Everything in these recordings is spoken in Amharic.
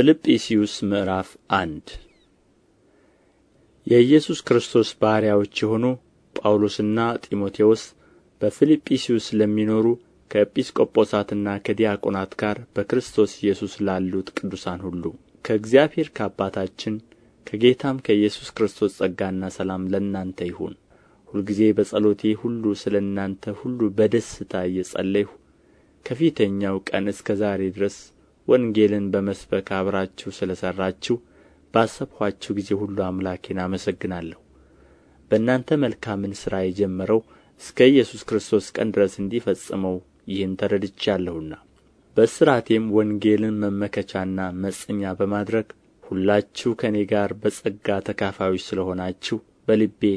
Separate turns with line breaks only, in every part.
ፊልጵስዩስ ምዕራፍ አንድ የኢየሱስ ክርስቶስ ባሪያዎች የሆኑ ጳውሎስና ጢሞቴዎስ በፊልጵስዩስ ለሚኖሩ ከኤጲስቆጶሳትና ከዲያቆናት ጋር በክርስቶስ ኢየሱስ ላሉት ቅዱሳን ሁሉ ከእግዚአብሔር ከአባታችን ከጌታም ከኢየሱስ ክርስቶስ ጸጋና ሰላም ለእናንተ ይሁን። ሁልጊዜ በጸሎቴ ሁሉ ስለ እናንተ ሁሉ በደስታ እየጸለይሁ ከፊተኛው ቀን እስከ ዛሬ ድረስ ወንጌልን በመስበክ አብራችሁ ስለ ሠራችሁ ባሰብኋችሁ ጊዜ ሁሉ አምላኬን አመሰግናለሁ በእናንተ መልካምን ሥራ የጀመረው እስከ ኢየሱስ ክርስቶስ ቀን ድረስ እንዲፈጽመው ይህን ተረድቻለሁና በእስራቴም ወንጌልን መመከቻና መጽኛ በማድረግ ሁላችሁ ከእኔ ጋር በጸጋ ተካፋዮች ስለ ሆናችሁ በልቤ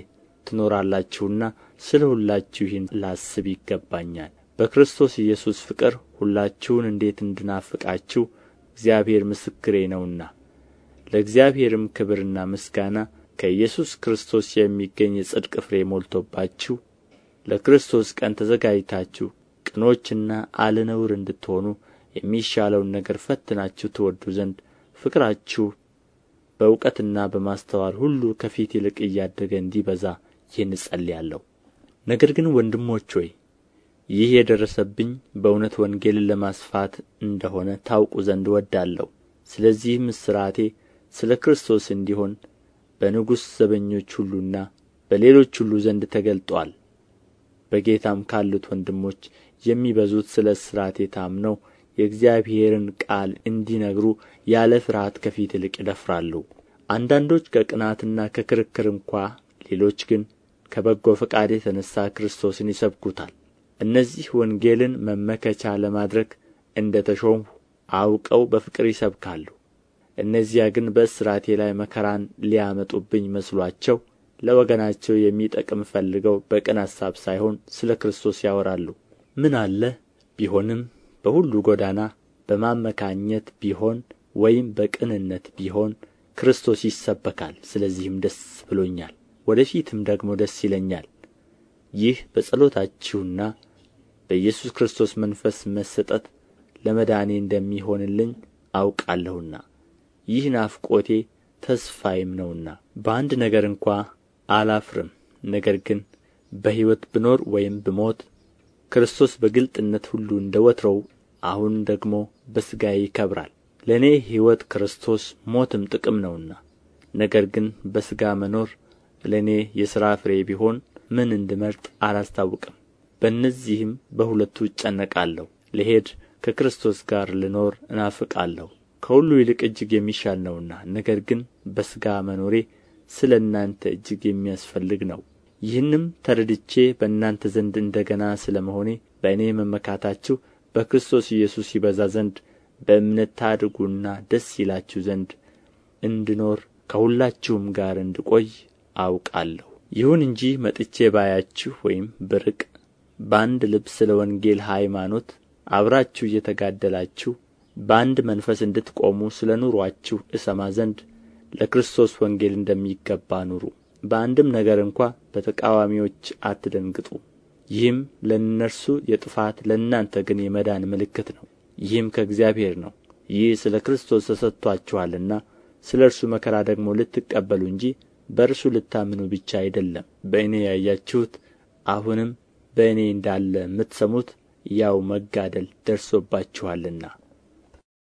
ትኖራላችሁና ስለ ሁላችሁ ይህን ላስብ ይገባኛል በክርስቶስ ኢየሱስ ፍቅር ሁላችሁን እንዴት እንድናፍቃችሁ እግዚአብሔር ምስክሬ ነውና ለእግዚአብሔርም ክብርና ምስጋና ከኢየሱስ ክርስቶስ የሚገኝ የጽድቅ ፍሬ ሞልቶባችሁ ለክርስቶስ ቀን ተዘጋጅታችሁ ቅኖችና አለነውር እንድትሆኑ የሚሻለውን ነገር ፈትናችሁ ትወዱ ዘንድ ፍቅራችሁ በእውቀትና በማስተዋል ሁሉ ከፊት ይልቅ እያደገ እንዲበዛ ይህን እጸልያለሁ ነገር ግን ወንድሞች ሆይ ይህ የደረሰብኝ በእውነት ወንጌልን ለማስፋት እንደ ሆነ ታውቁ ዘንድ እወዳለሁ ስለዚህም እስራቴ ስለ ክርስቶስ እንዲሆን በንጉሥ ዘበኞች ሁሉና በሌሎች ሁሉ ዘንድ ተገልጦአል በጌታም ካሉት ወንድሞች የሚበዙት ስለ እስራቴ ታምነው የእግዚአብሔርን ቃል እንዲነግሩ ያለ ፍርሃት ከፊት ይልቅ ይደፍራሉ አንዳንዶች ከቅናትና ከክርክር እንኳ ሌሎች ግን ከበጎ ፈቃድ የተነሣ ክርስቶስን ይሰብኩታል እነዚህ ወንጌልን መመከቻ ለማድረግ እንደ ተሾምሁ አውቀው በፍቅር ይሰብካሉ እነዚያ ግን በእስራቴ ላይ መከራን ሊያመጡብኝ መስሎአቸው ለወገናቸው የሚጠቅም ፈልገው በቅን አሳብ ሳይሆን ስለ ክርስቶስ ያወራሉ ምን አለ ቢሆንም በሁሉ ጎዳና በማመካኘት ቢሆን ወይም በቅንነት ቢሆን ክርስቶስ ይሰበካል ስለዚህም ደስ ብሎኛል ወደ ፊትም ደግሞ ደስ ይለኛል ይህ በጸሎታችሁና በኢየሱስ ክርስቶስ መንፈስ መሰጠት ለመዳኔ እንደሚሆንልኝ አውቃለሁና ይህ ናፍቆቴ ተስፋዬም ነውና በአንድ ነገር እንኳ አላፍርም ነገር ግን በሕይወት ብኖር ወይም ብሞት ክርስቶስ በግልጥነት ሁሉ እንደ ወትሮው አሁን ደግሞ በሥጋዬ ይከብራል ለእኔ ሕይወት ክርስቶስ ሞትም ጥቅም ነውና ነገር ግን በሥጋ መኖር ለእኔ የሥራ ፍሬ ቢሆን ምን እንድመርጥ አላስታውቅም በእነዚህም በሁለቱ እጨነቃለሁ ልሄድ ከክርስቶስ ጋር ልኖር እናፍቃለሁ ከሁሉ ይልቅ እጅግ የሚሻል ነውና ነገር ግን በሥጋ መኖሬ ስለ እናንተ እጅግ የሚያስፈልግ ነው ይህንም ተረድቼ በእናንተ ዘንድ እንደ ገና ስለ መሆኔ በእኔ መመካታችሁ በክርስቶስ ኢየሱስ ይበዛ ዘንድ በእምነት ታድጉና ደስ ይላችሁ ዘንድ እንድኖር ከሁላችሁም ጋር እንድቆይ አውቃለሁ። ይሁን እንጂ መጥቼ ባያችሁ ወይም ብርቅ በአንድ ልብ ስለ ወንጌል ሃይማኖት አብራችሁ እየተጋደላችሁ በአንድ መንፈስ እንድትቆሙ ስለ ኑሮአችሁ እሰማ ዘንድ ለክርስቶስ ወንጌል እንደሚገባ ኑሩ በአንድም ነገር እንኳ በተቃዋሚዎች አትደንግጡ ይህም ለእነርሱ የጥፋት ለእናንተ ግን የመዳን ምልክት ነው ይህም ከእግዚአብሔር ነው ይህ ስለ ክርስቶስ ተሰጥቶአችኋልና ስለ እርሱ መከራ ደግሞ ልትቀበሉ እንጂ በእርሱ ልታምኑ ብቻ አይደለም በእኔ ያያችሁት አሁንም በእኔ እንዳለ የምትሰሙት ያው መጋደል ደርሶባችኋልና